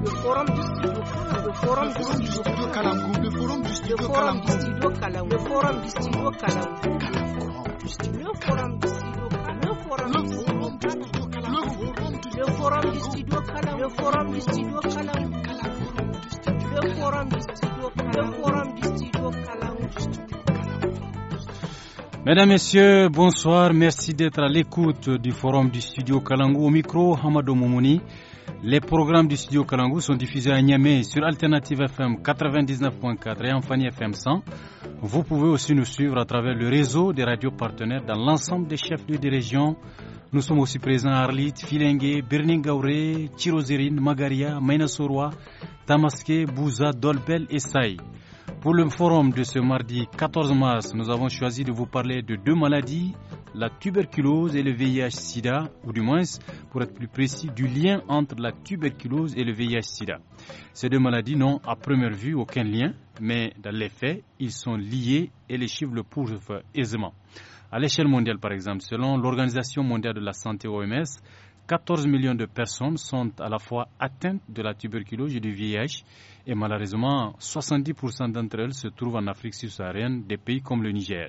le forum du studio le forum du studio Kalamkou le forum du studio Kalamkou le forum du studio Kalamkou le forum du studio Kalamkou le forum du studio Kalamkou le forum du studio Kalamkou le forum du studio Kalamkou le forum du studio Kalamkou le forum du studio Kalamkou Mesdames, Messieurs, bonsoir. Merci d'être à l'écoute du forum du studio Kalangu. Au micro, Hamadou Moumouni. Les programmes du studio Kalangou sont diffusés à Niamey sur Alternative FM 99.4 et Fanny FM 100. Vous pouvez aussi nous suivre à travers le réseau des radios partenaires dans l'ensemble des chefs-lieux des régions. Nous sommes aussi présents à Arlit, Filengue, Birningaure, Magaria, Mainasoroa, Tamaske, Bouza, Dolbel et Saï. Pour le forum de ce mardi 14 mars, nous avons choisi de vous parler de deux maladies, la tuberculose et le VIH-Sida, ou du moins, pour être plus précis, du lien entre la tuberculose et le VIH-Sida. Ces deux maladies n'ont à première vue aucun lien, mais dans les faits, ils sont liés et les chiffres le prouvent aisément. À l'échelle mondiale, par exemple, selon l'Organisation mondiale de la santé OMS, 14 millions de personnes sont à la fois atteintes de la tuberculose et du VIH et malheureusement 70% d'entre elles se trouvent en Afrique subsaharienne, des pays comme le Niger.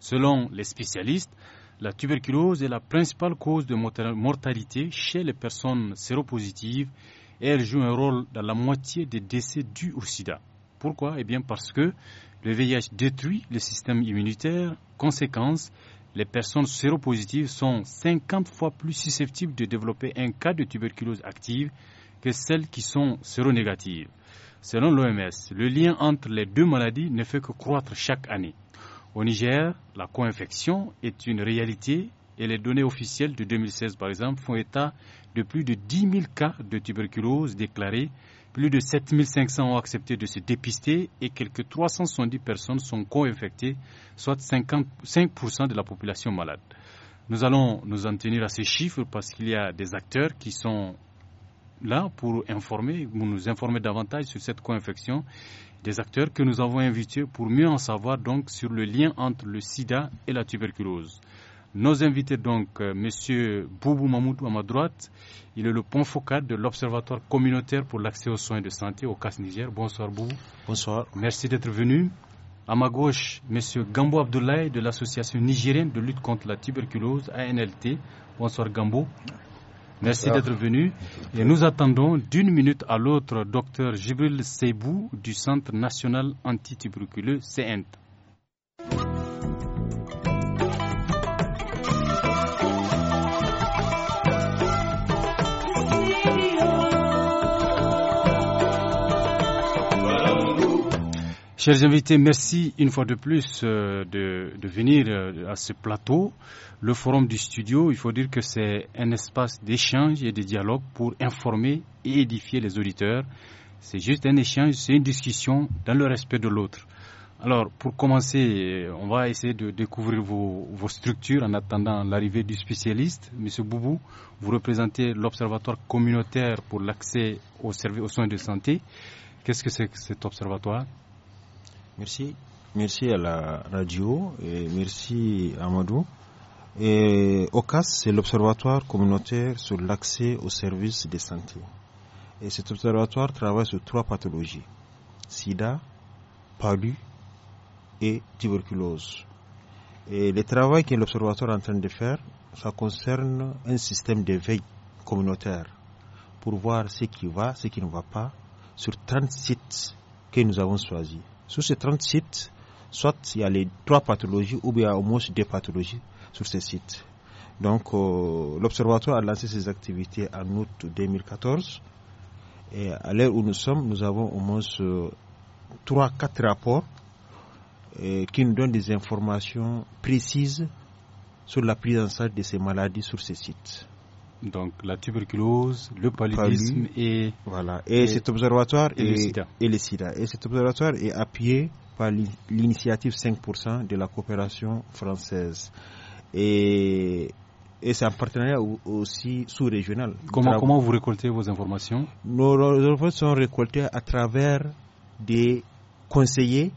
Selon les spécialistes, la tuberculose est la principale cause de mortalité chez les personnes séropositives et elle joue un rôle dans la moitié des décès dus au sida. Pourquoi Eh bien parce que le VIH détruit le système immunitaire. Conséquence, les personnes séropositives sont 50 fois plus susceptibles de développer un cas de tuberculose active que celles qui sont séronégatives. Selon l'OMS, le lien entre les deux maladies ne fait que croître chaque année. Au Niger, la co-infection est une réalité et les données officielles de 2016, par exemple, font état de plus de 10 000 cas de tuberculose déclarés. Plus de 7 500 ont accepté de se dépister et quelques 370 personnes sont co-infectées, soit 55% de la population malade. Nous allons nous en tenir à ces chiffres parce qu'il y a des acteurs qui sont là pour informer, nous informer davantage sur cette co-infection des acteurs que nous avons invités pour mieux en savoir donc sur le lien entre le sida et la tuberculose. Nos invités donc, euh, M. Boubou Mamoudou à ma droite, il est le point focal de l'Observatoire communautaire pour l'accès aux soins de santé au CAS Niger. Bonsoir Boubou. Bonsoir. Merci d'être venu. À ma gauche, M. Gambo Abdoulaye de l'Association nigérienne de lutte contre la tuberculose, ANLT. Bonsoir Gambo. Merci d'être venu. Et nous attendons d'une minute à l'autre docteur Jibril Sebou du Centre national antituberculeux CNT. Chers invités, merci une fois de plus euh, de, venir euh, à ce plateau. Le forum du studio, il faut dire que c'est un espace d'échange et de dialogue pour informer et édifier les auditeurs. C'est juste un échange, c'est une discussion dans le respect de l'autre. Alors, pour commencer, euh, on va essayer de découvrir vos, structures en attendant l'arrivée du spécialiste. Monsieur Boubou, vous représentez l'Observatoire communautaire pour l'accès aux, aux soins de santé. Qu'est-ce que c'est que cet observatoire Merci. Merci à la radio et merci à Amadou. OCAS, c'est l'Observatoire communautaire sur l'accès aux services de santé. Et cet observatoire travaille sur trois pathologies sida, palu et tuberculose. Et le travail que l'Observatoire est en train de faire, ça concerne un système de veille communautaire pour voir ce qui va, ce qui ne va pas sur 30 sites que nous avons choisis. Sur ces 30 sites, soit il y a les trois pathologies ou bien il y a au moins deux pathologies sur ces sites. Donc euh, l'Observatoire a lancé ses activités en août 2014 et à l'heure où nous sommes, nous avons au moins euh, trois, quatre rapports euh, qui nous donnent des informations précises sur la prise en de ces maladies sur ces sites. Donc la tuberculose, le paludisme et, et, cet observatoire et, les le sida. et cet observatoire est appuyé par l'initiative 5% de la coopération française. Et, c'est un partenariat aussi sous-régional. Comment, vous récoltez vos informations Nos, informations sont récoltées à travers des conseillers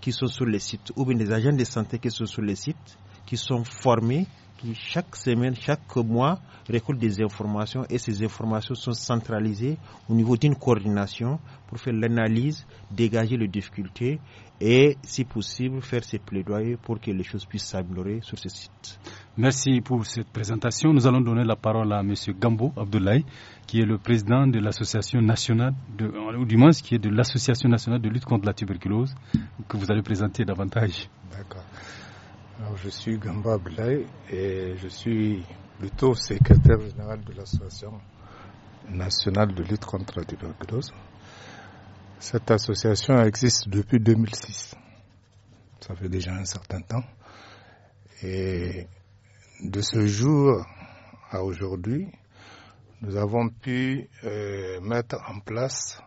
qui sont sur les sites ou bien des agents de santé qui sont sur les sites, qui sont formés qui, chaque semaine, chaque mois, récolte des informations et ces informations sont centralisées au niveau d'une coordination pour faire l'analyse, dégager les difficultés et, si possible, faire ses plaidoyers pour que les choses puissent s'améliorer sur ce site. Merci pour cette présentation. Nous allons donner la parole à M. Gambo Abdoulaye, qui est le président de l'Association nationale, de, ou du moins qui est de l'Association nationale de lutte contre la tuberculose, que vous allez présenter davantage. D'accord je suis Gamba Blay et je suis plutôt secrétaire général de l'Association nationale de lutte contre la tuberculose. Cette association existe depuis 2006. Ça fait déjà un certain temps. Et de ce jour à aujourd'hui, nous avons pu euh, mettre en place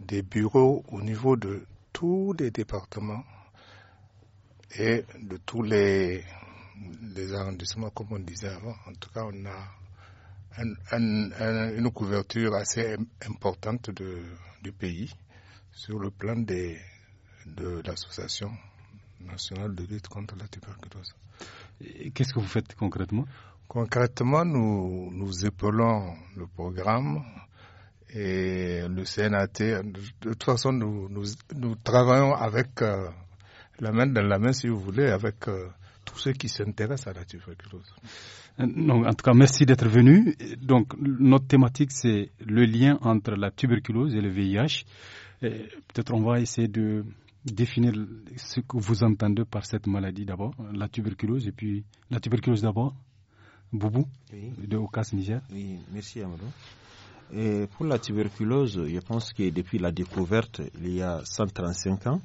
des bureaux au niveau de tous les départements et de tous les, les arrondissements, comme on disait avant. En tout cas, on a une couverture assez importante du pays sur le plan des, de l'association nationale de lutte contre la tuberculose. Qu'est-ce que vous faites concrètement Concrètement, nous, nous épaulons le programme et le CNAT. De toute façon, nous, nous, travaillons avec euh, la main dans la main, si vous voulez, avec euh, tous ceux qui s'intéressent à la tuberculose. Euh, en tout cas, merci d'être venu. Donc, notre thématique, c'est le lien entre la tuberculose et le VIH. Peut-être on va essayer de définir ce que vous entendez par cette maladie d'abord, la tuberculose, et puis la tuberculose d'abord, Boubou, de Ocas, Niger. Oui, merci Amadou. pour la tuberculose, je pense que depuis la découverte, il y a 135 ans,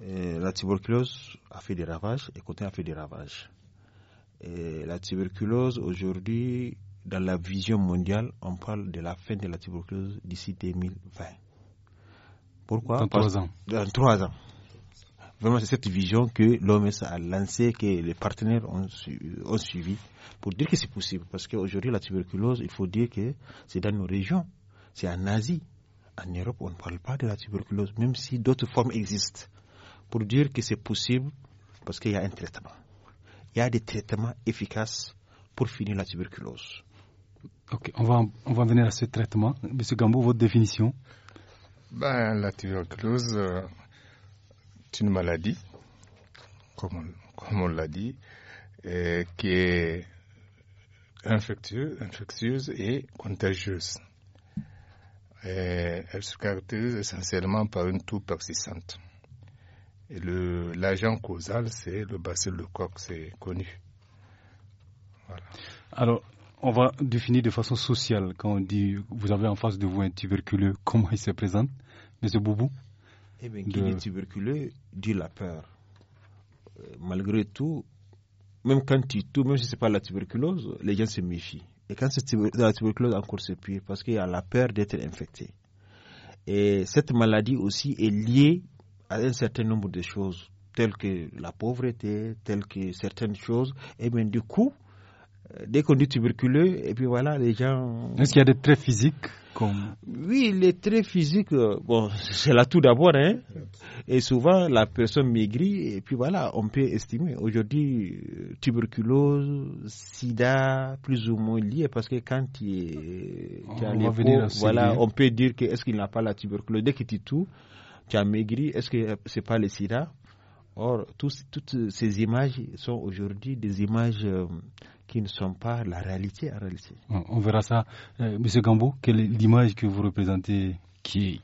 la tuberculose a fait des ravages et côté a fait des ravages. la tuberculose, aujourd'hui, dans la vision mondiale, on parle de la fin de la tuberculose d'ici 2020. Pourquoi Dans trois ans. Dans trois ans. Vraiment, c'est cette vision que l'OMS a lancée, que les partenaires ont, ont suivi, pour dire que c'est possible. Parce qu'aujourd'hui, la tuberculose, il faut dire que c'est dans nos régions, c'est en Asie. En Europe, on ne parle pas de la tuberculose, même si d'autres formes existent pour dire que c'est possible parce qu'il y a un traitement. Il y a des traitements efficaces pour finir la tuberculose. Ok, on va, on va venir à ce traitement. Monsieur Gambo, votre définition ben, La tuberculose euh, est une maladie, comme on, l'a dit, qui est infectieuse, infectieuse et contagieuse. elle se caractérise essentiellement par une toux persistante. Et l'agent causal, c'est le bacille de coq, c'est connu. Alors, on va définir de façon sociale. Quand on dit vous avez en face de vous un tuberculeux, comment il se présente, M. Boubou Eh bien, qui est tuberculeux dit la peur. Euh, malgré tout, même quand tu tout, même si ce n'est pas la tuberculose, les gens se méfient. Et quand c'est la tuberculose, encore c'est pire, parce qu'il y a la peur d'être infecté. Et cette maladie aussi est liée à un certain nombre de choses, telles que la pauvreté, telles que certaines choses, et eh bien du coup, euh, dès qu'on dit tuberculeux, et puis voilà, les gens... Est-ce qu'il y a des traits physiques comme... Oui, les traits physiques, euh, bon, c'est là tout d'abord, hein. Et souvent, la personne maigrit, et puis voilà, on peut estimer. Aujourd'hui, euh, tuberculose, sida, plus ou moins lié, parce que quand il est ah, on, voilà, on peut dire que est-ce qu'il n'a pas la tuberculose. Dès que tu tout tu as maigri, est-ce que ce n'est pas le sida Or, toutes ces images sont aujourd'hui des images euh, qui ne sont pas la réalité réalité. On verra ça. Euh, Monsieur Gambo, quelle est l'image que vous représentez qui,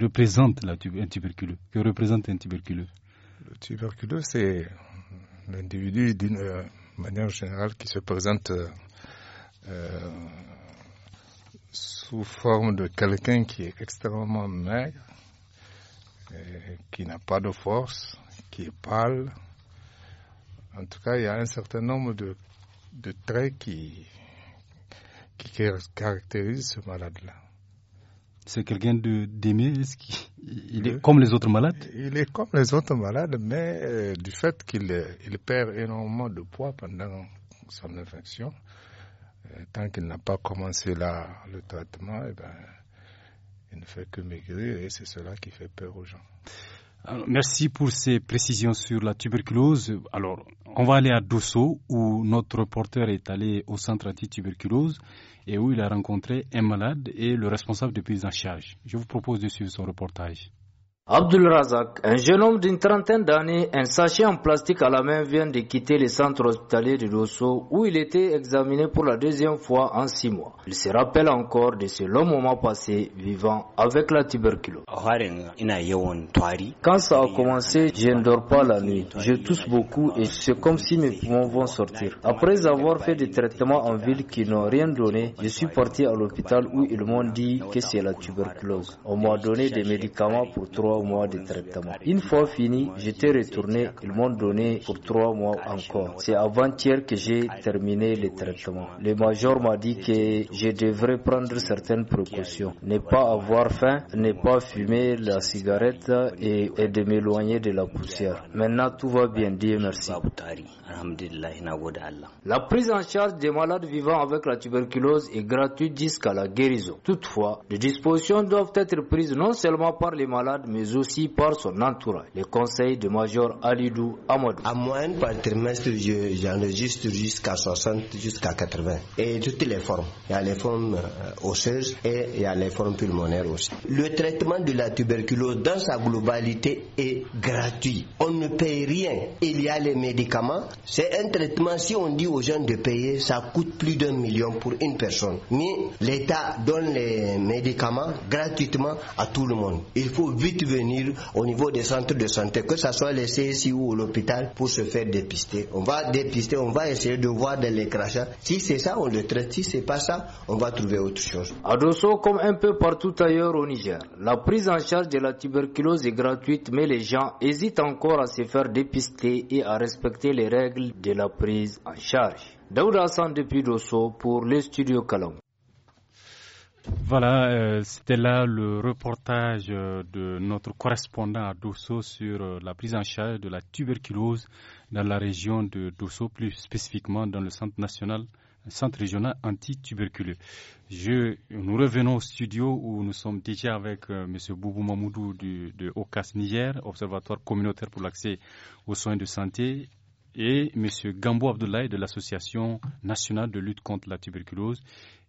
représente la, un tuberculeux un tuberculeux Le tuberculeux, c'est l'individu d'une euh, manière générale qui se présente sous forme de quelqu'un qui est extrêmement maigre qui n'a pas de force, qui est pâle. En tout cas, il y a un certain nombre de, traits qui, qui caractérisent ce malade-là. C'est quelqu'un d'aimé, est-ce est comme les autres malades Il est comme les autres malades, mais euh, du fait qu'il euh, perd énormément de poids pendant son infection, euh, tant qu'il n'a pas commencé là, le traitement, et eh ben, il ne fait que maigrir et c'est cela qui fait peur aux gens. merci pour ces précisions sur la tuberculose. Alors, on va aller à Dosso où notre reporter est allé au centre anti-tuberculose et où il a rencontré un malade et le responsable de prise en charge. Je vous propose de suivre son reportage. Abdul Razak, un jeune homme d'une trentaine d'années, un sachet en plastique à la main, vient de quitter le centre hospitalier de Dosso où il était examiné pour la deuxième fois en six mois. Il se rappelle encore de ce long moment passé vivant avec la tuberculose. Quand ça a commencé, je ne dors pas la nuit. Je tousse beaucoup et c'est comme si mes poumons vont sortir. Après avoir fait des traitements en ville qui n'ont rien donné, je suis parti à l'hôpital où ils m'ont dit que c'est la tuberculose. On m'a donné des médicaments pour trois mois de traitement. Une fois fini, j'étais retourné. Ils m'ont donné pour trois mois encore. C'est avant-hier que j'ai terminé le traitement. Le major m'a dit que je devrais prendre certaines précautions. Ne pas avoir faim, ne pas fumer la cigarette et, et de m'éloigner de la poussière. Maintenant, tout va bien. Dieu merci. La prise en charge des malades vivant avec la tuberculose est gratuite jusqu'à la guérison. Toutefois, des dispositions doivent être prises non seulement par les malades, mais aussi par son entourage, les conseils de Major Alidou Amadou. À moyenne par trimestre, j'enregistre jusqu'à 60, jusqu'à 80. Et toutes les formes. Il y a les formes euh, osseuses et il y a les formes pulmonaires aussi. Le traitement de la tuberculose dans sa globalité est gratuit. On ne paye rien. Il y a les médicaments. C'est un traitement, si on dit aux gens de payer, ça coûte plus d'un million pour une personne. Mais l'État donne les médicaments gratuitement à tout le monde. Il faut vite venir au niveau des centres de santé, que ce soit les CSI ou l'hôpital, pour se faire dépister. On va dépister, on va essayer de voir dans les crachats. Si c'est ça, on le traite. Si c'est pas ça, on va trouver autre chose. À Dosso, comme un peu partout ailleurs au Niger, la prise en charge de la tuberculose est gratuite, mais les gens hésitent encore à se faire dépister et à respecter les règles de la prise en charge. Daouda Hassan depuis Dosso pour les studios Calam. Voilà, euh, c'était là le reportage euh, de notre correspondant à Dosso sur euh, la prise en charge de la tuberculose dans la région de Dosso, plus spécifiquement dans le centre national centre régional anti-tuberculeux. nous revenons au studio où nous sommes déjà avec M. Boubou Mamoudou de OCAS Niger, Observatoire communautaire pour l'accès aux soins de santé, et M. Gambo Abdoulaye de l'Association nationale de lutte contre la tuberculose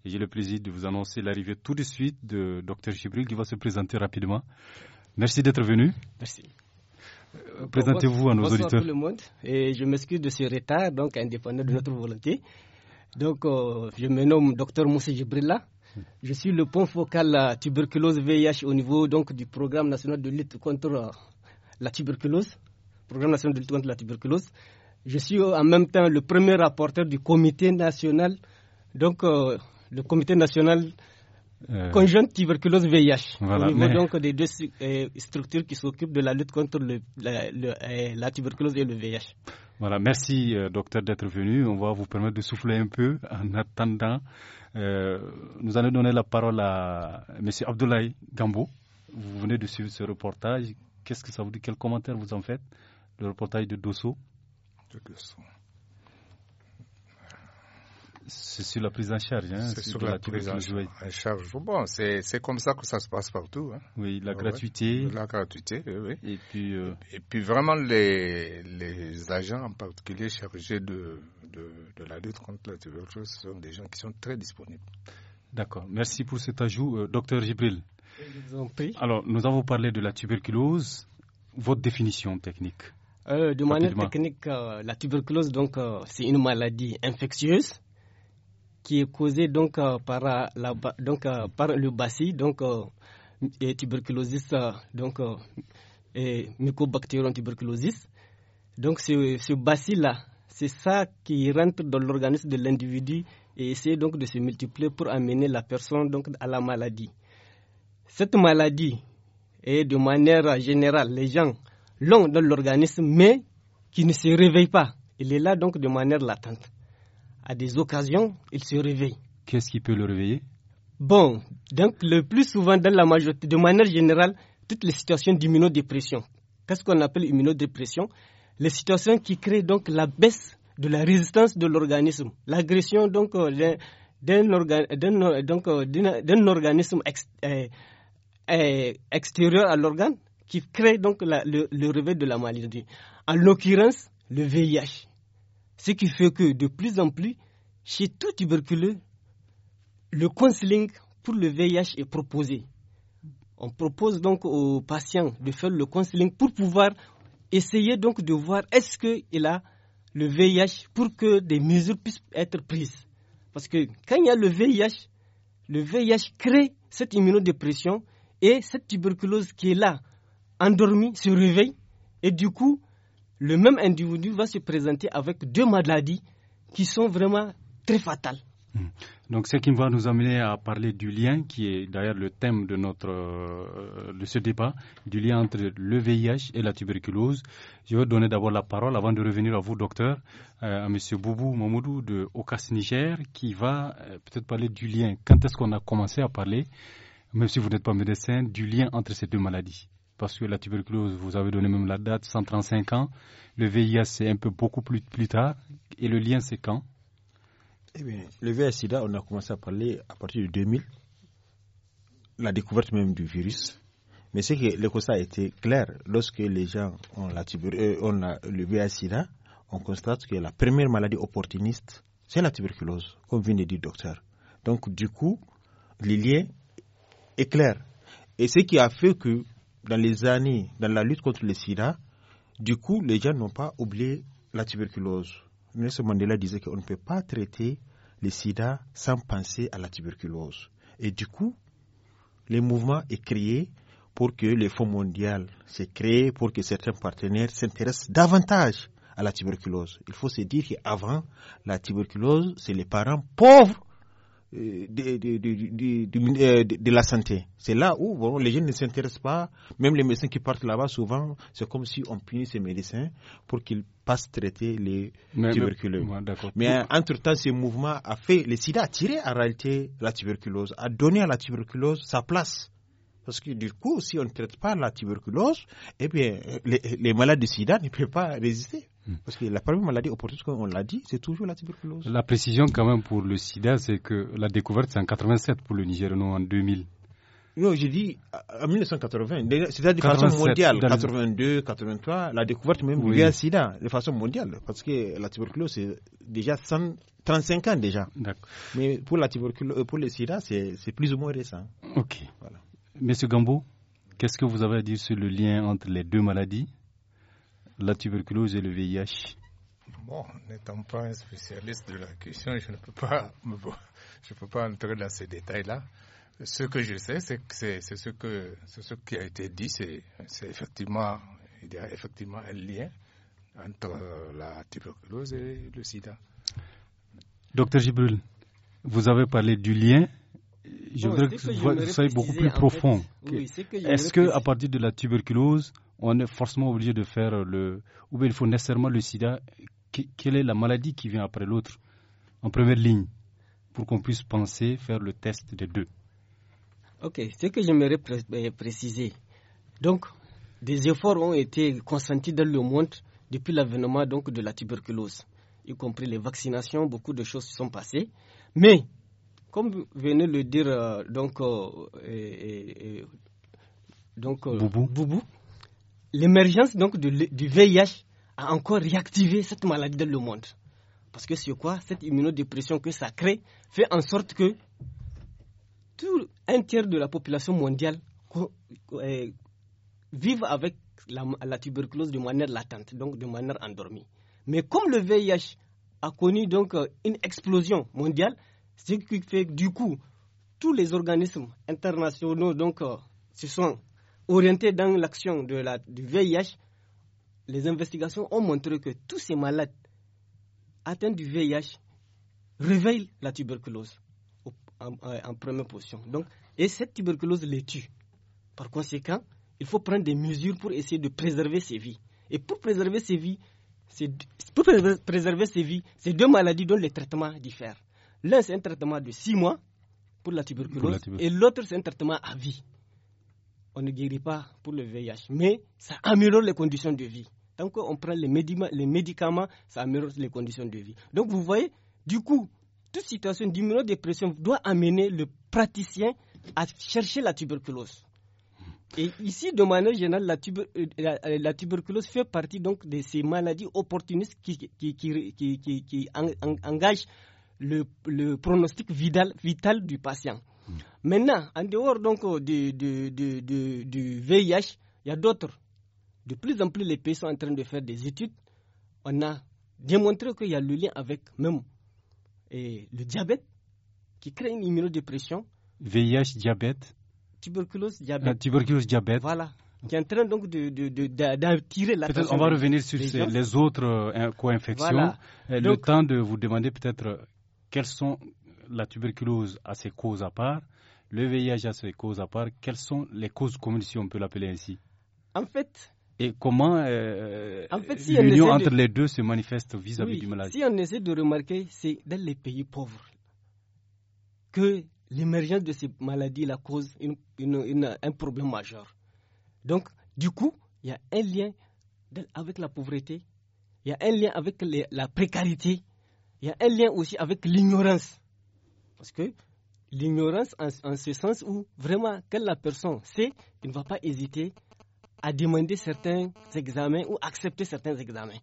j'ai le plaisir de vous annoncer l'arrivée tout de suite de Dr. Gibril, qui va se présenter rapidement. Merci d'être venu. Merci. Euh, présentez-vous à nos auditeurs. Bonsoir tout le monde. Et je m'excuse de ce retard, donc indépendant de notre volonté. Donc, euh, je me nomme Dr. Moussa Jibrilla. Je suis le pont focal tuberculose VIH au niveau donc, du programme national de lutte contre la tuberculose. Programme national de lutte contre la tuberculose. Je suis en même temps le premier rapporteur du comité national donc, euh, le comité national euh, conjoint tuberculose VIH, voilà, donc des deux euh, structures qui s'occupent de la lutte contre la, euh, la, tuberculose et le VIH. Voilà, merci docteur d'être venu. On va vous permettre de souffler un peu en attendant. nous allons donner la parole à M. Abdoulaye Gambo. Vous venez de suivre ce reportage. Qu'est-ce que ça vous dit Quel commentaire vous en faites Le reportage de Dosso. De Dosso. C'est sur la prise en charge. Hein, c'est sur, la, prise en, charge. Bon, c'est comme ça que ça se passe partout. Hein. Oui, la ah gratuité. la gratuité, oui. Et puis, euh, et puis vraiment, les, les agents en particulier chargés de, de, la lutte contre la tuberculose, sont des gens qui sont très disponibles. D'accord. Merci pour cet ajout, euh, docteur Gibril. Alors, nous avons parlé de la tuberculose. Votre définition technique euh, de manière technique, la tuberculose, donc, c'est une maladie infectieuse qui est causé donc, euh, euh, euh, par, le bacille, donc, et tuberculosis, donc, et mycobacterium tuberculosis. Donc, ce, ce bacille-là, c'est ça qui rentre dans l'organisme de l'individu et essaie donc de se multiplier pour amener la personne donc à la maladie. Cette maladie est de manière générale, les gens l'ont dans l'organisme, mais qui ne se réveille pas. Il est là donc de manière latente à des occasions, il se réveille. Qu'est-ce qui peut le réveiller Bon, donc le plus souvent dans la majorité, de manière générale, toutes les situations d'immunodépression. Qu'est-ce qu'on appelle immunodépression Les situations qui créent donc la baisse de la résistance de l'organisme, l'agression donc euh, euh, euh, d'un organisme extérieur à l'organe qui crée donc le réveil de la maladie. En l'occurrence, le VIH. Ce qui fait que de plus en plus, chez tout tuberculeux, le counseling pour le VIH est proposé. On propose donc aux patients de faire le counseling pour pouvoir essayer donc de voir est-ce qu'il a le VIH pour que des mesures puissent être prises. Parce que quand il y a le VIH, le VIH crée cette immunodépression et cette tuberculose qui est là, endormie, se réveille et du coup, le même individu va se présenter avec deux maladies qui sont vraiment très fatales. Hmm. Donc, ce qui va nous amener à parler du lien, qui est d'ailleurs le thème de, notre, euh, de ce débat, du lien entre le VIH et la tuberculose. Je vais donner d'abord la parole, avant de revenir à vous, docteur, euh, à monsieur Boubou Mamoudou de OCAS Niger, qui va euh, peut-être parler du lien. Quand est-ce qu'on a commencé à parler, même si vous n'êtes pas médecin, du lien entre ces deux maladies parce que la tuberculose, vous avez donné même la date, 135 ans. Le VIH, c'est un peu beaucoup plus, plus tard. Et le lien, c'est quand Eh bien, le VIH-Sida, on a commencé à parler à partir de 2000, la découverte même du virus. Mais c'est que le constat été clair. Lorsque les gens ont, la tuber, euh, ont le VIH-Sida, on constate que la première maladie opportuniste, c'est la tuberculose, comme vient de dire le docteur. Donc, du coup, le lien est clair. Et ce qui a fait que dans les années, dans la lutte contre le sida, du coup, les gens n'ont pas oublié la tuberculose. Nelson Mandela disait qu'on ne peut pas traiter le sida sans penser à la tuberculose. Et du coup, le mouvement est créé pour que le Fonds mondial s'est créé, pour que certains partenaires s'intéressent davantage à la tuberculose. Il faut se dire qu'avant, la tuberculose, c'est les parents pauvres euh, de, de, la santé. C'est là où bon, les jeunes ne s'intéressent pas. Même les médecins qui partent là-bas, souvent, c'est comme si on punit ces médecins pour qu'ils passent traiter les tuberculose. Mais, entre-temps, ce mouvement a fait, le sida a tiré en réalité la tuberculose, a donné à la tuberculose sa place. Parce que du coup, si on ne traite pas la tuberculose, eh bien, les, les malades du sida ne peuvent pas résister. Hmm. Parce que la première maladie opportuniste, comme on l'a dit, c'est toujours la tuberculose. La précision quand même pour le sida, c'est que la découverte, c'est en 87 pour le Niger, non en 2000. Non, j'ai dit en 1980, c'est-à-dire de façon mondiale, 82, 83, la découverte même oui. du sida, de façon mondiale, parce que la tuberculose, c'est déjà 35 ans déjà. Mais pour, la tuberculose, euh, pour le sida, c'est plus ou moins récent. Ok. Voilà. Monsieur Gambo, qu'est-ce que vous avez à dire sur le lien entre les deux maladies la tuberculose et le VIH Bon, n'étant pas un spécialiste de la question, je ne peux pas, je peux pas entrer dans ces détails-là. Ce que je sais, c'est que c'est ce que ce qui a été dit, c'est effectivement il y a effectivement un lien entre euh, la tuberculose et le sida. Docteur Gibril, vous avez parlé du lien. Je voudrais que, vous soyez beaucoup plus profond. Est-ce que à partir de la tuberculose, on est forcément obligé de faire le. Ou bien il faut nécessairement le sida. Quelle est la maladie qui vient après l'autre en première ligne pour qu'on puisse penser faire le test des deux Ok, ce que j'aimerais euh, préciser. Donc, des efforts ont été consentis dans le monde depuis l'avènement de la tuberculose, y compris les vaccinations, beaucoup de choses se sont passées. Mais, comme venez le dire euh, donc, euh, donc Boubou l'émergence donc du, VIH a encore réactivé cette maladie dans le monde. Parce que c'est quoi Cette immunodépression que ça crée fait en sorte que tout un tiers de la population mondiale vive avec la, tuberculose de manière latente, donc de manière endormie. Mais comme le VIH a connu donc euh, une explosion mondiale, ce qui fait du coup tous les organismes internationaux donc euh, se sont orientés dans l'action de la, du VIH, les investigations ont montré que tous ces malades atteints du VIH réveillent la tuberculose en, première position. Donc, et cette tuberculose les tue. Par conséquent, il faut prendre des mesures pour essayer de préserver ces vies. Et pour préserver ces vies, pour préserver ces vies, ces deux maladies dont les traitements diffèrent. L'un, c'est un traitement de six mois pour la tuberculose. et l'autre, c'est un traitement à vie on ne guérit pas pour le VIH, mais ça améliore les conditions de vie. Tant qu'on prend les médicaments, les ça améliore les conditions de vie. Donc vous voyez, du coup, toute situation d'immunodépression doit amener le praticien à chercher la tuberculose. Et ici, de manière générale, la, euh, euh, tuberculose fait partie donc de ces maladies opportunistes qui, qui, engagent le, le, pronostic vital, vital du patient. Mm. Maintenant, en dehors donc euh, du, du VIH, il y a d'autres. De plus en plus, les pays sont en train de faire des études. On a démontré qu'il y a le lien avec même et le diabète qui crée une immunodépression. VIH, diabète. Tuberculose, diabète. tuberculose, diabète. Voilà. Qui est en train donc d'attirer de, de, la Peut-être on va revenir sur les autres euh, co-infections. Euh, le temps de vous demander peut-être quels sont la tuberculose a ses causes à part, le VIH a ses causes à part. Quelles sont les causes communes, si on peut l'appeler ainsi En fait. Et comment euh, l'union entre les deux se manifeste vis-à-vis du maladie Si on essaie de remarquer, c'est dans les pays pauvres que l'émergence de ces maladies la cause un problème majeur. Donc, du coup, il y a un lien avec la pauvreté, il y a un lien avec la précarité, il y a un lien aussi avec l'ignorance. Parce que l'ignorance en, ce sens où vraiment quand la personne sait, ne va pas hésiter à demander certains examens ou accepter certains examens.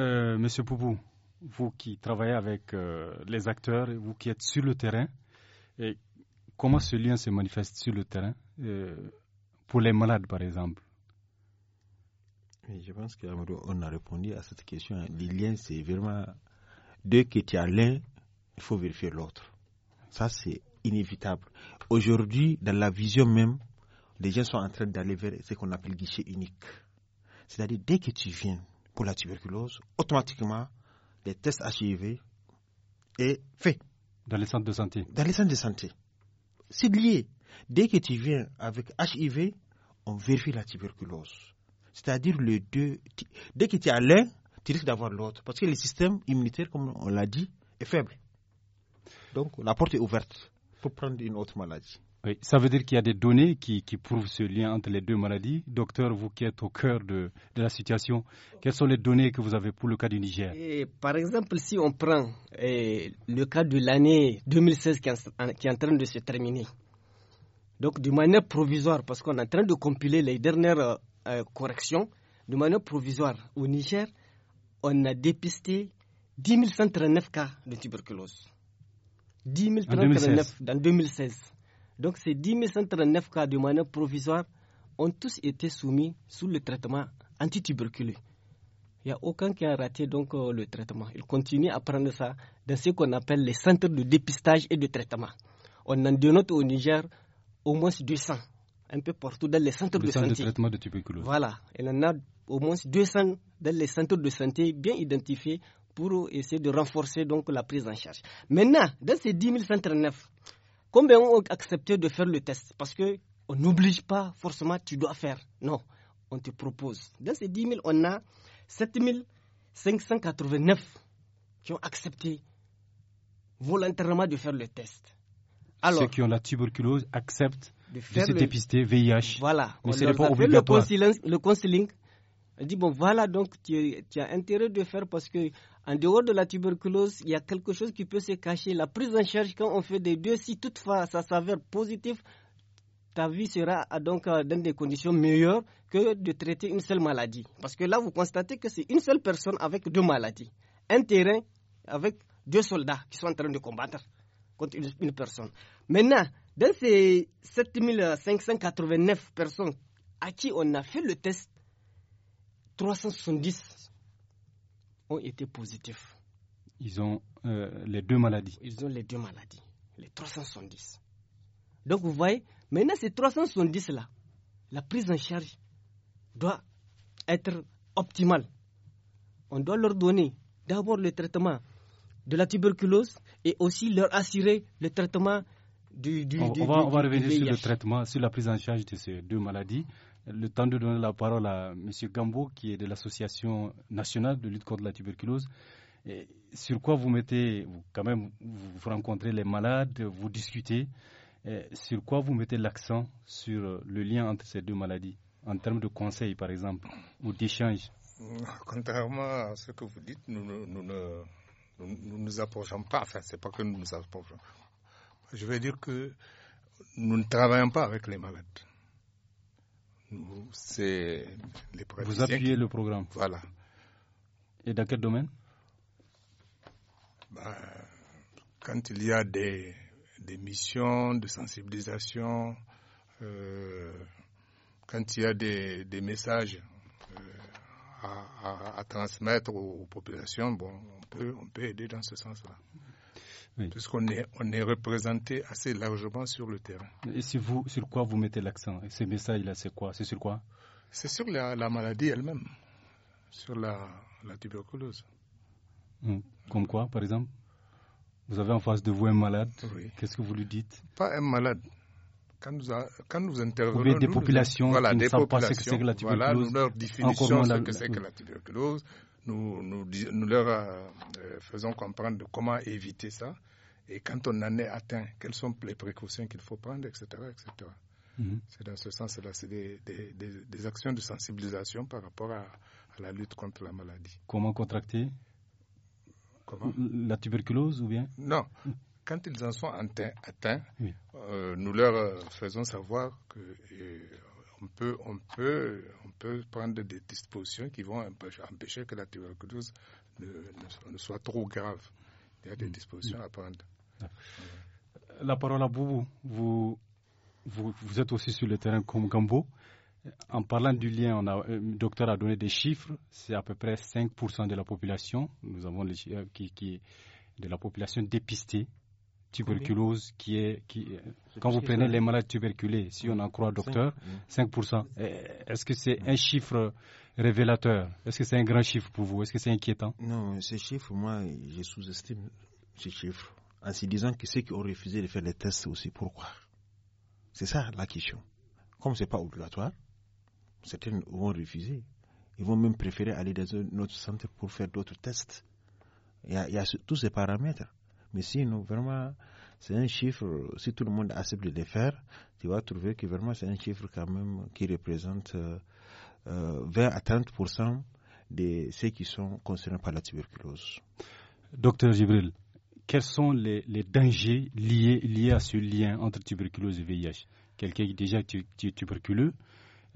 Euh, Monsieur Poubou, vous qui travaillez avec euh, les acteurs, vous qui êtes sur le terrain, comment ce lien se manifeste sur le terrain euh, pour les malades par exemple Je pense qu'on a répondu à cette question. Le lien, c'est vraiment deux que tu l'un, il faut vérifier l'autre. Ça, c'est inévitable. Aujourd'hui, dans la vision même, les gens sont en train d'aller vers ce qu'on appelle guichet unique. C'est-à-dire, dès que tu viens pour la tuberculose, automatiquement, les tests HIV est fait. Dans les centres de santé Dans les centres de santé. C'est lié. Dès que tu viens avec HIV, on vérifie la tuberculose. C'est-à-dire, les deux. Dès que tu as l'un, tu risques d'avoir l'autre. Parce que le système immunitaire, comme on l'a dit, est faible. Donc la porte est ouverte pour prendre une autre maladie. Oui, ça veut dire qu'il y a des données qui, prouvent ce lien entre les deux maladies. Docteur, vous qui êtes au cœur de, la situation, quelles sont les données que vous avez pour le cas du Niger Par exemple, si on prend eh, le cas de l'année 2016 qui, est en train de se terminer, donc de manière provisoire, parce qu'on est en train de compiler les dernières euh, euh, corrections, de manière provisoire, au Niger, on a dépisté 10 139 cas de tuberculose. 10 Dans 2016. Donc ces 10 139 cas de manière provisoire ont tous été soumis sous le traitement antituberculeux. Il n'y a aucun qui a raté donc euh, le traitement. Ils continuent à prendre ça dans ce qu'on appelle les centres de dépistage et de traitement. On en dénote au Niger au moins 200, un peu partout dans les centres de centre santé. de traitement de tuberculose. Voilà, il en a au moins 200 dans les centres de santé bien identifiés pour essayer de renforcer donc la prise en charge. Maintenant, dans ces 10 139, combien ont accepté de faire le test Parce que on n'oblige pas forcément, tu dois faire. Non, on te propose. Dans ces 10 000, on a 7 589 qui ont accepté volontairement de faire le test. Alors, Ceux qui ont la tuberculose acceptent de, se dépister VIH. Voilà. on leur le, counseling, le counseling, elle dit, bon, voilà, donc tu, as intérêt de faire parce que en dehors de la tuberculose, il y a quelque chose qui peut se cacher. La prise en charge, quand on fait des deux, si toutefois ça s'avère positif, ta vie sera ah, donc ah, dans des conditions meilleures que de traiter une seule maladie. Parce que là, vous constatez que c'est une seule personne avec deux maladies. Un terrain avec deux soldats qui sont en train de combattre contre une, une personne. Maintenant, dans ces 7589 personnes à qui on a fait le test, 370 ont été positifs. Ils ont euh, les deux maladies. Ils ont les deux maladies, les 370. Donc vous voyez, maintenant ces 370-là, la prise en charge doit être optimale. On doit leur donner d'abord le traitement de la tuberculose et aussi leur assurer le traitement du, du, on, va, revenir sur le traitement, sur la prise en charge de ces deux maladies le temps de donner la parole à M. Gambo, qui est de l'Association nationale de lutte contre la tuberculose. Et sur quoi vous mettez, quand même, vous rencontrez les malades, vous discutez. sur quoi vous mettez l'accent sur le lien entre ces deux maladies, en termes de conseils, par exemple, ou d'échanges Contrairement à ce que vous dites, nous ne nous, nous, approchons pas. Enfin, c'est pas que nous nous approchons. Je veux dire que nous ne travaillons pas avec les malades c'est les Vous appuyez le programme. Voilà. Et dans quel domaine ben, Quand il y a des, missions de sensibilisation, euh, quand il y a des, messages euh, à, transmettre aux, aux populations, bon, on peut, on peut aider dans ce sens-là puisqu'on est, on est représenté assez largement sur le terrain. Et vous, sur quoi vous mettez l'accent Ces messages-là, c'est quoi C'est sur quoi C'est sur la, maladie elle-même, sur la, tuberculose. Hum. Comme quoi, par exemple Vous avez en face de vous un malade, qu'est-ce que vous lui dites Pas un malade. Quand nous, quand des populations qui ne savent pas ce que c'est la tuberculose. Voilà, nous leur définissons ce que c'est que la tuberculose, nous, nous, leur euh, euh, faisons comprendre comment éviter ça. Et quand on en est atteint, quelles sont les précautions qu'il faut prendre, etc. etc. Mhm. C'est dans ce sens-là, c'est des, des, actions de sensibilisation par rapport à, la lutte contre la maladie. Comment contracter Comment La tuberculose ou bien Non. Quand ils en sont atteints, atteints euh, nous leur faisons savoir que on peut, on peut prendre des dispositions qui vont empêcher que la tuberculose ne, ne, soit trop grave. Il y a des mm. dispositions mm. à prendre. La parole à Boubou. Vous, vous, êtes aussi sur le terrain comme Gambo. En parlant du lien, euh, le docteur a donné des chiffres. C'est à peu près 5% de la population. Nous avons les, euh, qui, qui, de la population dépistée tuberculose qui est. Qui, quand vous prenez les malades tuberculés, si on en croit docteur, 5%. Mm. Mm. Est-ce que c'est un chiffre révélateur Est-ce que c'est un grand chiffre pour vous Est-ce que c'est inquiétant Non, ces chiffre moi, je sous-estime ce chiffre en se disant que ceux qui ont refusé de faire les tests aussi, pourquoi C'est ça la question. Comme ce n'est pas obligatoire, certains vont refuser. Ils vont même préférer aller dans un autre centre pour faire d'autres tests. il y a tous ces paramètres. Mais vraiment, c'est un chiffre, si tout le monde accepte de le faire, tu vas trouver que vraiment c'est un chiffre quand même qui représente 20 euh, euh, à 30 de ceux qui sont concernés par la tuberculose. Docteur Gibril, quels sont les, dangers liés, liés, à ce lien entre tuberculose et VIH Quelqu'un qui est déjà tuberculeux,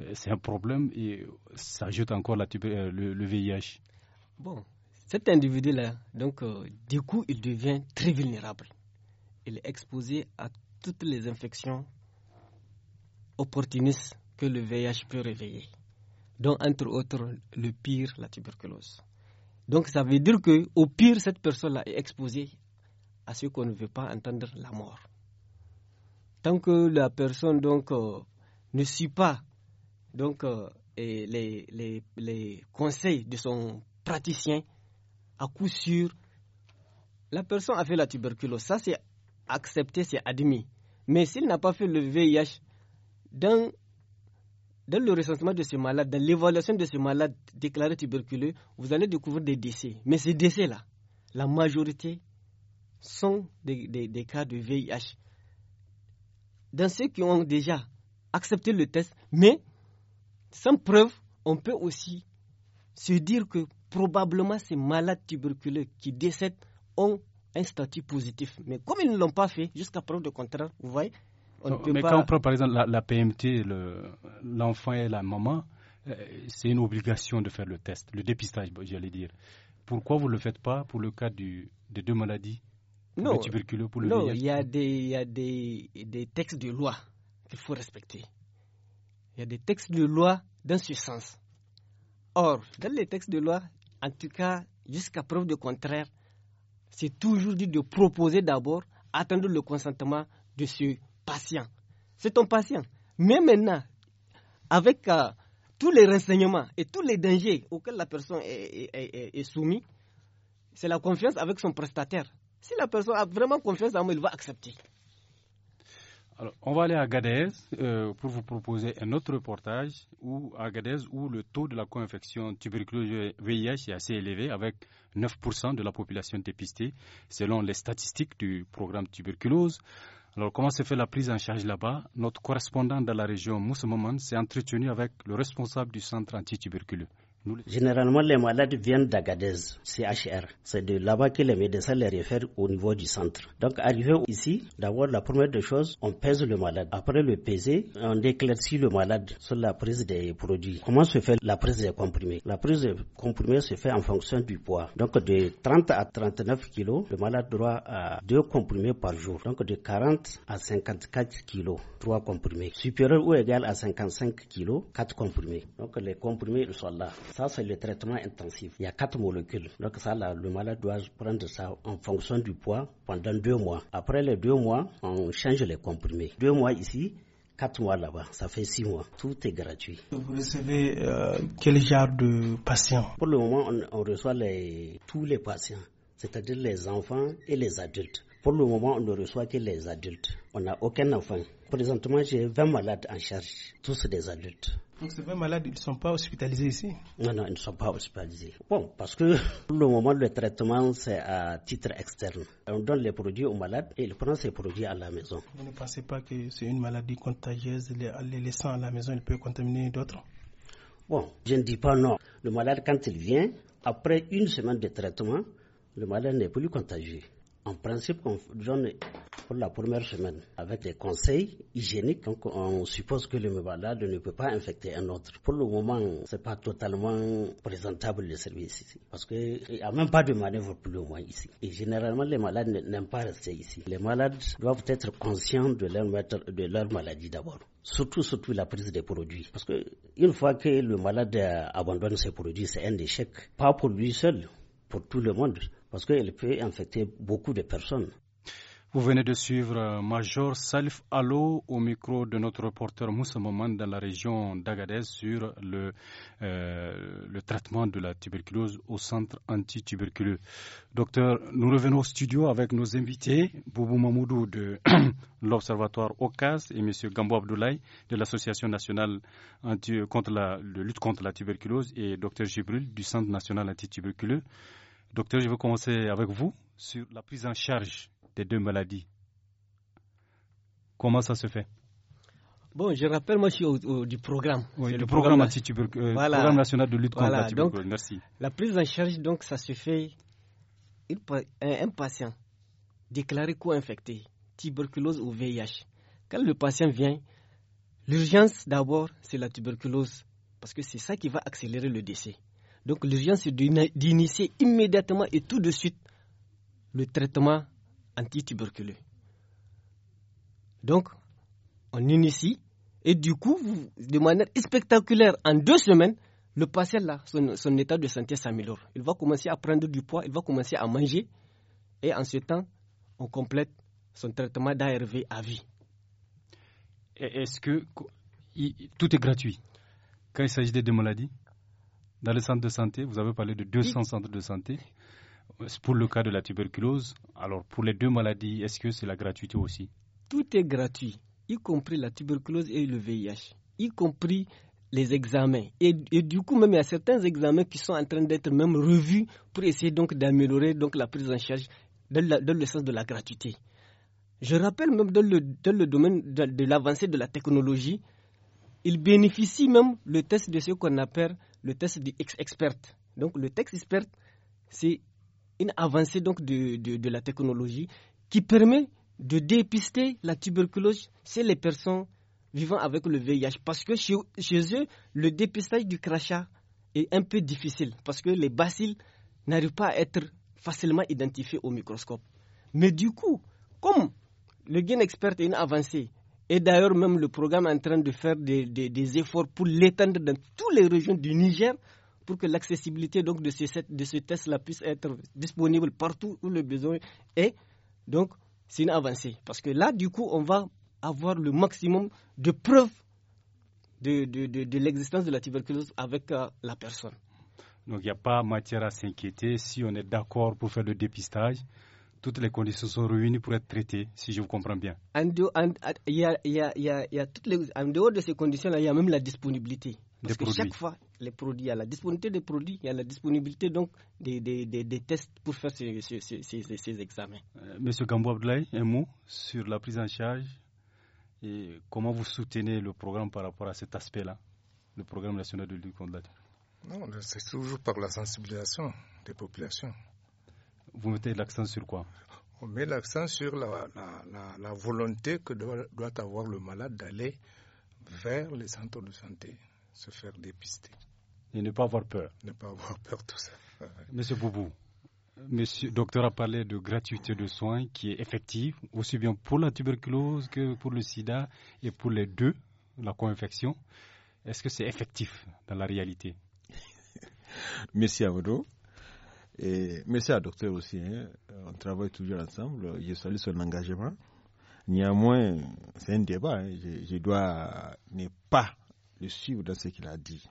euh, c'est un problème et ça ajoute encore la, le, le VIH. Bon, cet individu-là, donc, euh, du coup, il devient très vulnérable. Il est exposé à toutes les infections opportunistes que le VIH peut réveiller, dont entre autres le pire, la tuberculose. Donc ça veut dire que au pire, cette personne-là est exposée à ce qu'on ne veut pas entendre, la mort. Tant que la personne donc euh, ne suit pas donc euh, les, les, conseils de son praticien, à coup sûr, la personne a fait la tuberculose. Ça, c'est accepté, c'est admis. Mais s'il n'a pas fait le VIH, dans, dans le recensement de ce malade, dans l'évaluation de ce malade déclaré tuberculeux, vous allez découvrir des décès. Mais ces décès-là, la majorité sont des, des cas de VIH. Dans ceux qui ont déjà accepté le test, mais sans preuve, on peut aussi se dire que probablement ces malades tuberculeux qui décèdent ont un statut positif. Mais comme ils ne l'ont pas fait, jusqu'à preuve de contraire, vous voyez, on ne peut mais quand on prend par exemple la, PMT, l'enfant et la maman, euh, c'est une obligation de faire le test, le dépistage, j'allais dire. Pourquoi vous ne le faites pas pour le cas du, des deux maladies pour le tuberculeux, pour le Non, il y a, des, des textes de loi qu'il faut respecter. Il y a des textes de loi dans ce sens. Or, dans les textes de loi, en tout cas, jusqu'à preuve de contraire, c'est toujours dit de proposer d'abord, attendre le consentement de ce patient. C'est ton patient. Mais maintenant, avec euh, tous les renseignements et tous les dangers auxquels la personne est, est soumise, c'est la confiance avec son prestataire. Si la personne a vraiment confiance en moi, il va accepter on va aller à Gadez euh, pour vous proposer un autre reportage où, à Gadez où le taux de la co-infection tuberculose VIH est assez élevé avec 9% de la population dépistée selon les statistiques du programme tuberculose. Alors, comment se fait la prise en charge là-bas Notre correspondant dans la région, Moussa s'est entretenu avec le responsable du centre anti-tuberculeux. Généralement, les malades viennent d'Agadez, CHR. C'est de là-bas que les médecins les réfèrent au niveau du centre. Donc, arrivé ici, d'abord, la première des choses, on pèse le malade. Après le peser, on éclaircit le malade sur la prise des produits. Comment se fait la prise des comprimés La prise des comprimés se fait en fonction du poids. Donc, de 30 à 39 kilos, le malade doit à deux comprimés par jour. Donc, de 40 à 54 kilos, trois comprimés. Supérieur ou égal à 55 kilos, quatre comprimés. Donc, les comprimés sont là. Ça, c'est le traitement intensif. Il y a quatre molécules. Donc ça, le malade doit prendre ça en fonction du poids pendant deux mois. Après les deux mois, on change les comprimés. Deux mois ici, quatre mois là-bas, ça fait six mois. Tout est gratuit. Vous recevez euh, quel genre de patients Pour le moment, on, reçoit les, tous les patients, c'est-à-dire les enfants et les adultes. Pour le moment, on ne reçoit que les adultes. On n'a aucun enfant. Présentement, j'ai 20 malades en charge, tous des adultes. Donc ces 20 malades, ils ne sont pas hospitalisés ici Non, non, ils ne sont pas hospitalisés. Bon, parce que pour le moment, le traitement, c'est à titre externe. On donne les produits aux malades et ils prennent ces produits à la maison. Vous ne pensez pas que c'est une maladie contagieuse, les, les à la maison, ils peuvent contaminer d'autres Bon, je ne dis pas non. Le malade, quand il vient, après une semaine de traitement, le malade n'est plus contagieux. En principe, on donne pour la première semaine avec des conseils hygiéniques. on suppose que le malade ne peut pas infecter un autre. Pour le moment, c'est pas totalement présentable le service ici. Parce qu'il n'y a même pas de manœuvre pour le moins ici. Et généralement, les malades n'aiment pas rester ici. Les malades doivent être conscients de leur, de leur maladie d'abord. Surtout, surtout la prise des produits. Parce que une fois que le malade abandonne ses produits, c'est un échec. Pas pour lui seul, pour tout le monde parce qu'elle peut infecter beaucoup de personnes. Vous venez de suivre euh, Major Salif Allo au micro de notre reporter Moussa Maman dans la région d'Agadez sur le, euh, traitement de la tuberculose au centre anti anti-tuberculeux. Docteur, nous revenons au studio avec nos invités, Boubou Mamoudou de l'Observatoire OCAS et M. Gambo Abdoulaye de l'Association nationale contre la, de lutte contre la tuberculose et Docteur Gibril du Centre national anti tuberculeux Docteur, je vais commencer avec vous sur la prise en charge des deux maladies. Comment ça se fait Bon, je rappelle, moi, je suis du programme. le programme, euh, programme national de lutte contre la tuberculose. Merci. La prise en charge, donc, ça se fait. un, un patient déclaré co-infecté, tuberculose ou VIH. Quand le patient vient, l'urgence d'abord, c'est la tuberculose, parce que c'est ça qui va accélérer le décès. Donc l'urgence c'est d'initier immédiatement et tout de suite le traitement antituberculeux. Donc on initie et du coup, de manière spectaculaire, en deux semaines, le patient là, son, son état de santé s'améliore. Il va commencer à prendre du poids, il va commencer à manger et en ce temps, on complète son traitement d'ARV à vie. Est-ce que tout est gratuit quand il s'agit de maladies dans les centres de santé, vous avez parlé de 200 centres de santé. Pour le cas de la tuberculose, alors pour les deux maladies, est-ce que c'est la gratuité aussi Tout est gratuit, y compris la tuberculose et le VIH, y compris les examens. Et, du coup, même il y a certains examens qui sont en train d'être même revus pour essayer donc d'améliorer donc la prise en charge dans, le sens de la gratuité. Je rappelle même dans le, domaine de, de l'avancée de la technologie, il bénéficie même le test de ce qu'on appelle le test du expert. Donc le test expert, c'est une avancée donc de, de, la technologie qui permet de dépister la tuberculose chez les personnes vivant avec le VIH. Parce que chez, eux, le dépistage du crachat est un peu difficile parce que les bacilles n'arrivent pas à être facilement identifiés au microscope. Mais du coup, comme le gain expert est une avancée et d'ailleurs, même le programme est en train de faire des, efforts pour l'étendre dans toutes les régions du Niger pour que l'accessibilité de ce, de ce test-là puisse être disponible partout où le besoin est. Donc, c'est une avancée. Parce que là, du coup, on va avoir le maximum de preuves de, l'existence de la tuberculose avec euh, la personne. Donc, il n'y a pas matière à s'inquiéter si on est d'accord pour faire le dépistage toutes les conditions sont réunies pour être traitées, si je vous comprends bien. En, dehors de ces conditions-là, il y a même la disponibilité. Parce que chaque fois, les produits, il y a la disponibilité des produits, il y a la disponibilité donc des, tests pour faire ces, examens. Euh, Monsieur Gambo Abdoulaye, un mot sur la prise en charge et comment vous soutenez le programme par rapport à cet aspect-là, le programme national de lutte contre la non, c'est toujours par la sensibilisation des populations vous mettez l'accent sur quoi On met l'accent sur la, volonté que doit, avoir le malade d'aller vers les centres de santé, se faire dépister. Et ne pas avoir peur. Ne pas avoir peur, tout ça. Monsieur Boubou, Monsieur docteur a parlé de gratuité de soins qui est effective, aussi bien pour la tuberculose que pour le sida et pour les deux, la co-infection. Est-ce que c'est effectif dans la réalité Merci Amadou. Et merci à Docteur aussi. Hein. On travaille toujours ensemble. Je salue son engagement. Néanmoins, c'est un débat. Hein. Je, je, dois ne pas le suivre dans ce qu'il a dit.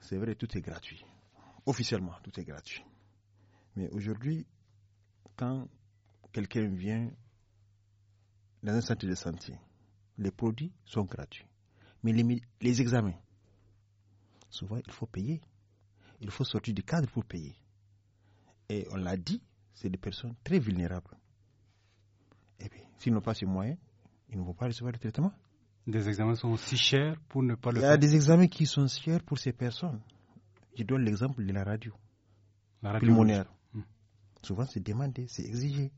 C'est vrai, tout est gratuit. Officiellement, tout est gratuit. Mais aujourd'hui, quand quelqu'un vient dans un centre de santé, les produits sont gratuits. Mais les examens, souvent, il faut payer il faut sortir du cadre pour payer. Et on l'a dit, c'est des personnes très vulnérables. Et eh puis, s'ils n'ont pas ces moyens, ils ne vont pas recevoir le traitement. Des examens sont si chers pour ne pas le faire. Il y a des examens qui sont chers pour ces personnes. Je donne l'exemple de la radio. La radio pulmonaire. Hmm. Souvent, c'est demandé, c'est exigé.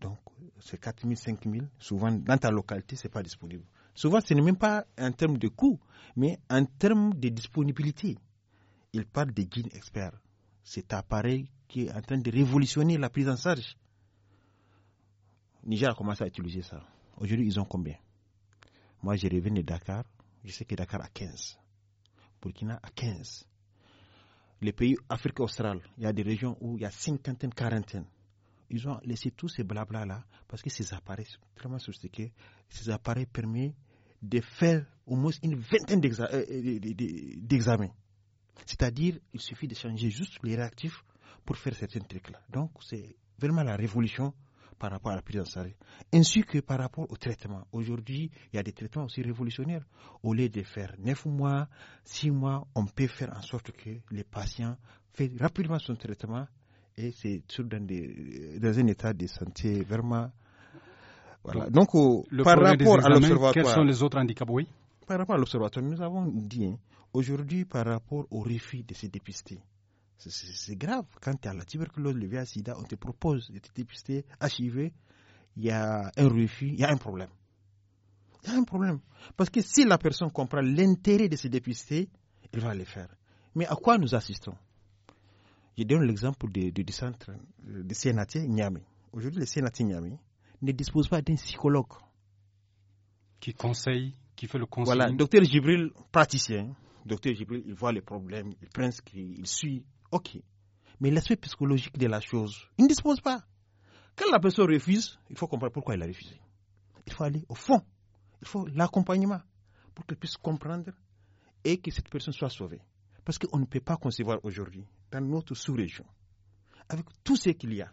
Donc, c'est 4 000, 5 000. Souvent, dans ta localité, ce n'est pas disponible. Souvent, ce n'est même pas en termes de coût, mais en termes de disponibilité il parle des guides experts. Cet appareil qui est en train de révolutionner la prise en charge. Niger a commencé à utiliser ça. Aujourd'hui, ils ont combien Moi, je revenu de Dakar. Je sais que Dakar a 15. Burkina a 15. Les pays Afrique australe, il y a des régions où il y a cinquantaine, quarantaine. Ils ont laissé tous ces blabla-là parce que ces appareils sont vraiment sophistiqués. Ces appareils permettent de faire au moins une vingtaine euh, euh, d'examens. C'est-à-dire, il suffit de changer juste les réactifs pour faire certains trucs-là. Donc, c'est vraiment la révolution par rapport à la prise en charge, ainsi que par rapport au traitement. Aujourd'hui, il y a des traitements aussi révolutionnaires. Au lieu de faire 9 mois, 6 mois, on peut faire en sorte que les patients fassent rapidement son traitement et c'est dans, dans un état de santé vraiment. Voilà. Donc, par rapport à l'observatoire. Quels sont les autres handicaps, oui Par rapport à l'observatoire, nous avons dit hein, Aujourd'hui, par rapport au refus de se dépister, c'est grave. Quand tu as la tuberculose, le VIH, sida, on te propose de te dépister, HIV, il y a un refus, il y a un problème. Il y a un problème. Parce que si la personne comprend l'intérêt de se dépister, elle va le faire. Mais à quoi nous assistons Je donne l'exemple du, centre de Sénatier Niamey. Aujourd'hui, le Sénatier Niamey ne dispose pas d'un psychologue. Qui conseille, qui fait le conseil. Voilà, docteur Gibril, praticien docteur il voit les problèmes, il prend ce qu'il suit. Ok. Mais l'aspect psychologique de la chose, il ne dispose pas. Quand la personne refuse, il faut comprendre pourquoi elle a refusé. Il faut aller au fond. Il faut l'accompagnement pour qu'elle puisse comprendre et que cette personne soit sauvée. Parce qu'on ne peut pas concevoir aujourd'hui, dans notre sous-région, avec tout ce qu'il y a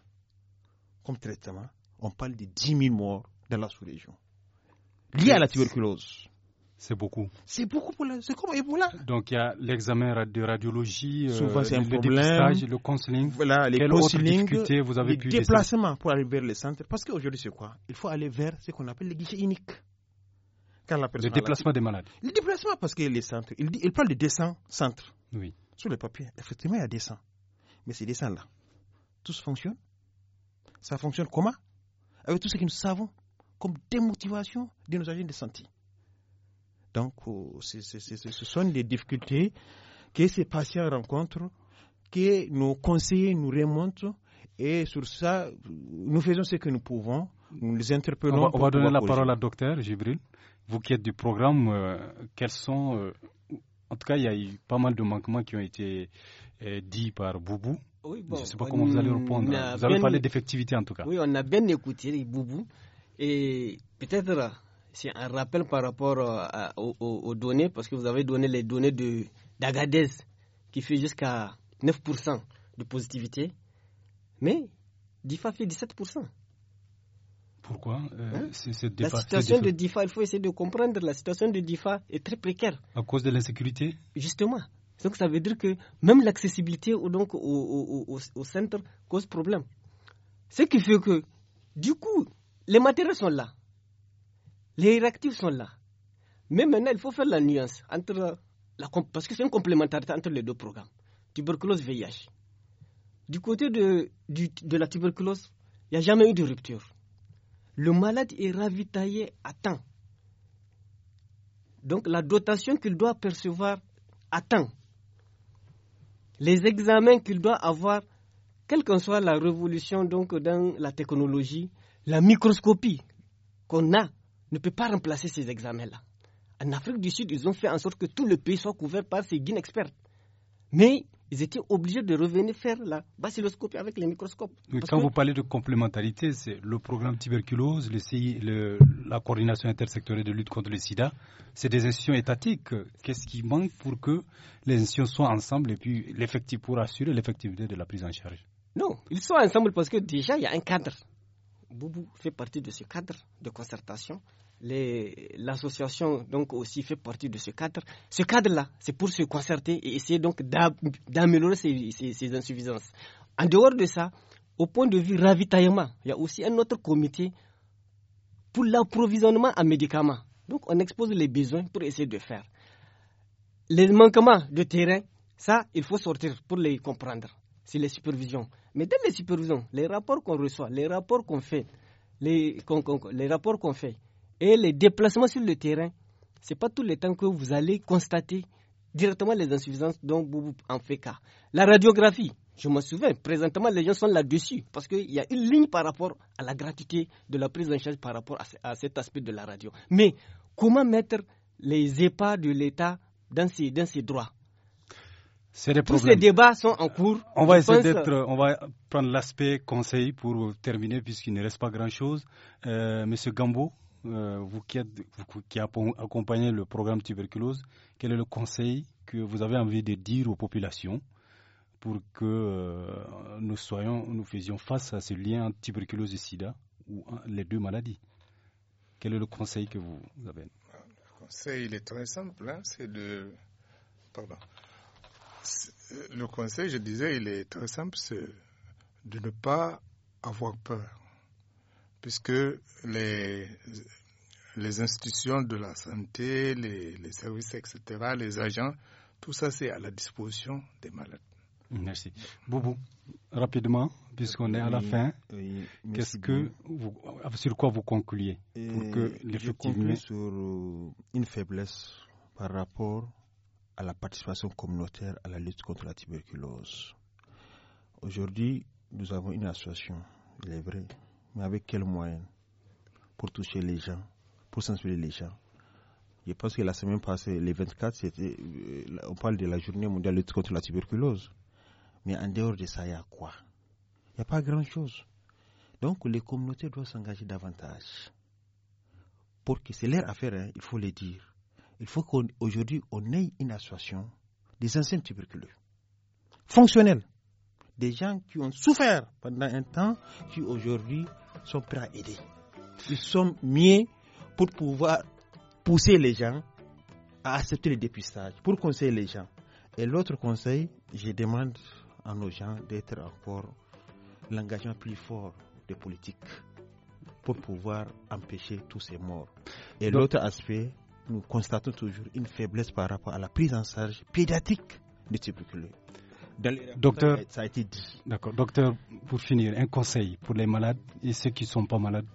comme traitement, on parle de 10 000 morts dans la sous-région. Liés à la tuberculose. C'est beaucoup. C'est beaucoup pour la... C'est comme Ebola. Donc il y a l'examen de radiologie, euh, Souvent, le problème. le counseling. Voilà, les counseling, vous avez les déplacements pour aller vers les centres. Parce qu'aujourd'hui, c'est quoi Il faut aller vers ce qu'on appelle les guichets uniques. le déplacement des malades. Le déplacement, parce que les centres, il, dit, il parle de 200 centres. Oui. Sur le papier, effectivement, il y a 200. Mais ces 200-là, tout ça fonctionne Ça fonctionne comment Avec tout ce que nous savons comme démotivation de nos agents de santé. Donc, euh, ce sont les difficultés que ces patients rencontrent, que nos conseillers nous remontent, et sur ça, nous faisons ce que nous pouvons. Nous les interpellons. On va, donner la parole à docteur Gibril. Vous qui êtes du programme, euh, quels sont. Euh, en tout cas, il y a eu pas mal de manquements qui ont été dits par Boubou. Je ne sais pas comment vous allez répondre. Vous avez parlé d'effectivité en tout cas. Oui, on a bien écouté Boubou. Et peut-être c'est un rappel par rapport euh, aux, données, parce que vous avez donné les données d'Agadez, qui fait jusqu'à 9% de positivité, mais DIFA fait 17%. Pourquoi euh, hein? La situation de DIFA, il faut essayer de comprendre, la situation de DIFA est très précaire. À cause de l'insécurité Justement. Donc ça veut dire que même l'accessibilité donc, au, au, centre cause problème. Ce qui fait que, du coup, les matériaux sont là. Les réactifs sont là. Mais maintenant, il faut faire la nuance entre la, parce que c'est une complémentarité entre les deux programmes. Tuberculose VIH. Du côté de, la tuberculose, il n'y a jamais eu de rupture. Le malade est ravitaillé à temps. Donc la dotation qu'il doit percevoir à temps. Les examens qu'il doit avoir, quelle que soit la révolution donc dans la technologie, la microscopie qu'on a ne peut pas remplacer ces examens-là. En Afrique du Sud, ils ont fait en sorte que tout le pays soit couvert par ces guines experts. Mais ils étaient obligés de revenir faire la bacilloscopie avec les microscopes. quand vous parlez de complémentarité, c'est le programme tuberculose, la coordination intersectorielle de lutte contre le sida, c'est des institutions étatiques. Qu'est-ce qui manque pour que les institutions soient ensemble et puis l'effectif pour assurer l'effectivité de la prise en charge Non, ils sont ensemble parce que déjà il y a un cadre. Boubou fait partie de ce cadre de concertation l'association donc aussi fait partie de ce cadre. Ce cadre-là, c'est pour se concerter et essayer donc d'améliorer ces, insuffisances. En dehors de ça, au point de vue ravitaillement, il y a aussi un autre comité pour l'approvisionnement en médicaments. Donc on expose les besoins pour essayer de faire. Les manquements de terrain, ça, il faut sortir pour les comprendre. C'est les supervisions. Mais dans les supervisions, les rapports qu'on reçoit, les rapports qu'on fait, les, les rapports qu'on fait, et les déplacements sur le terrain, ce n'est pas tout le temps que vous allez constater directement les insuffisances dont vous en fait cas. La radiographie, je me souviens, présentement les gens sont là-dessus parce qu'il y a une ligne par rapport à la gratuité de la prise en charge par rapport à, cet aspect de la radio. Mais comment mettre les EHPAD de l'État dans ses, droits ces débats sont en cours. On va essayer d'être, on va prendre l'aspect conseil pour terminer puisqu'il ne reste pas grand-chose. Euh, Monsieur Gambo, euh, vous, qui êtes, accompagnez le programme tuberculose, quel est le conseil que vous avez envie de dire aux populations pour que euh, nous, soyons, nous faisions face à ce lien entre tuberculose et sida ou hein, les deux maladies Quel est le conseil que vous, avez Le conseil, il est très simple, hein, c'est de... Pardon. Euh, le conseil, je disais, il est très simple, c'est de ne pas avoir peur puisque les, les institutions de la santé, les, services, etc., les agents, tout ça, c'est à la disposition des malades. Merci. Boubou, rapidement, puisqu'on est à la fin, qu'est-ce que vous, ah, sur quoi vous concluez pour que sur euh, une faiblesse par rapport à la participation communautaire à la lutte contre la tuberculose. Aujourd'hui, nous avons une association, il est vrai, mais avec quels moyens Pour toucher les gens, pour sensibiliser les gens. Je pense que la semaine passée, les 24, c'était, euh, on parle de la journée mondiale lutte contre la tuberculose. Mais en dehors de ça, il y a quoi Il n'y a pas grand-chose. Donc les communautés doivent s'engager davantage. Pour que c'est leur affaire, hein, il faut le dire. Il faut qu'aujourd'hui, on, on ait une association des anciens tuberculeux, fonctionnels, des gens qui ont souffert pendant un temps, qui aujourd'hui sont prêts à aider. Ils sont mieux pour pouvoir pousser les gens à accepter le dépistage, pour conseiller les gens. Et l'autre conseil, je demande à nos gens d'être encore l'engagement plus fort des politiques pour pouvoir empêcher tous ces morts. Et l'autre aspect, nous constatons toujours une faiblesse par rapport à la prise en charge pédiatrique des tuberculeux. Docteur, D'accord. Docteur, pour finir, un conseil pour les malades et ceux qui ne sont pas malades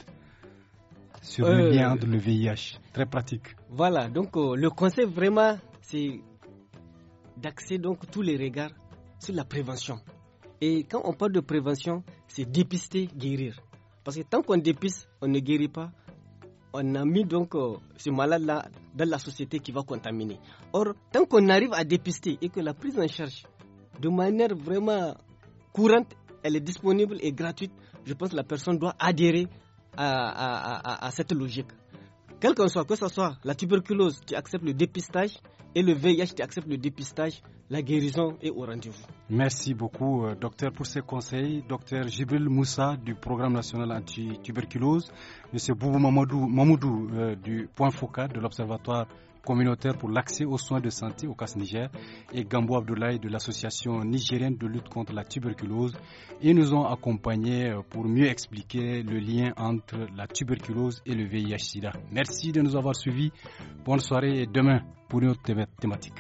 sur le euh, lien de le VIH. Très pratique. Voilà. Donc, euh, le conseil vraiment, c'est d'axer donc tous les regards sur la prévention. Et quand on parle de prévention, c'est dépister, guérir. Parce que tant qu'on dépiste, on ne guérit pas. On a mis donc euh, ce malade-là dans la société qui va contaminer. Or, tant qu'on arrive à dépister et que la prise en charge de manière vraiment courante, elle est disponible et gratuite. Je pense que la personne doit adhérer à, à, à, cette logique. Quel qu'en soit, que ce soit la tuberculose, tu acceptes le dépistage, et le VIH qui accepte le dépistage, la guérison est au rendez-vous. Merci beaucoup, euh, docteur, pour ces conseils. Docteur Jibril Moussa du Programme national anti-tuberculose, M. Boubou Mamoudou, euh, du Point Focal de l'Observatoire communautaire pour l'accès aux soins de santé au CAS Niger et Gambo Abdoulaye de l'association nigérienne de lutte contre la tuberculose. Ils nous ont accompagnés euh, pour mieux expliquer le lien entre la tuberculose et le VIH-Sida. Merci de nous avoir suivis. Bonne soirée et demain pour une autre thématique.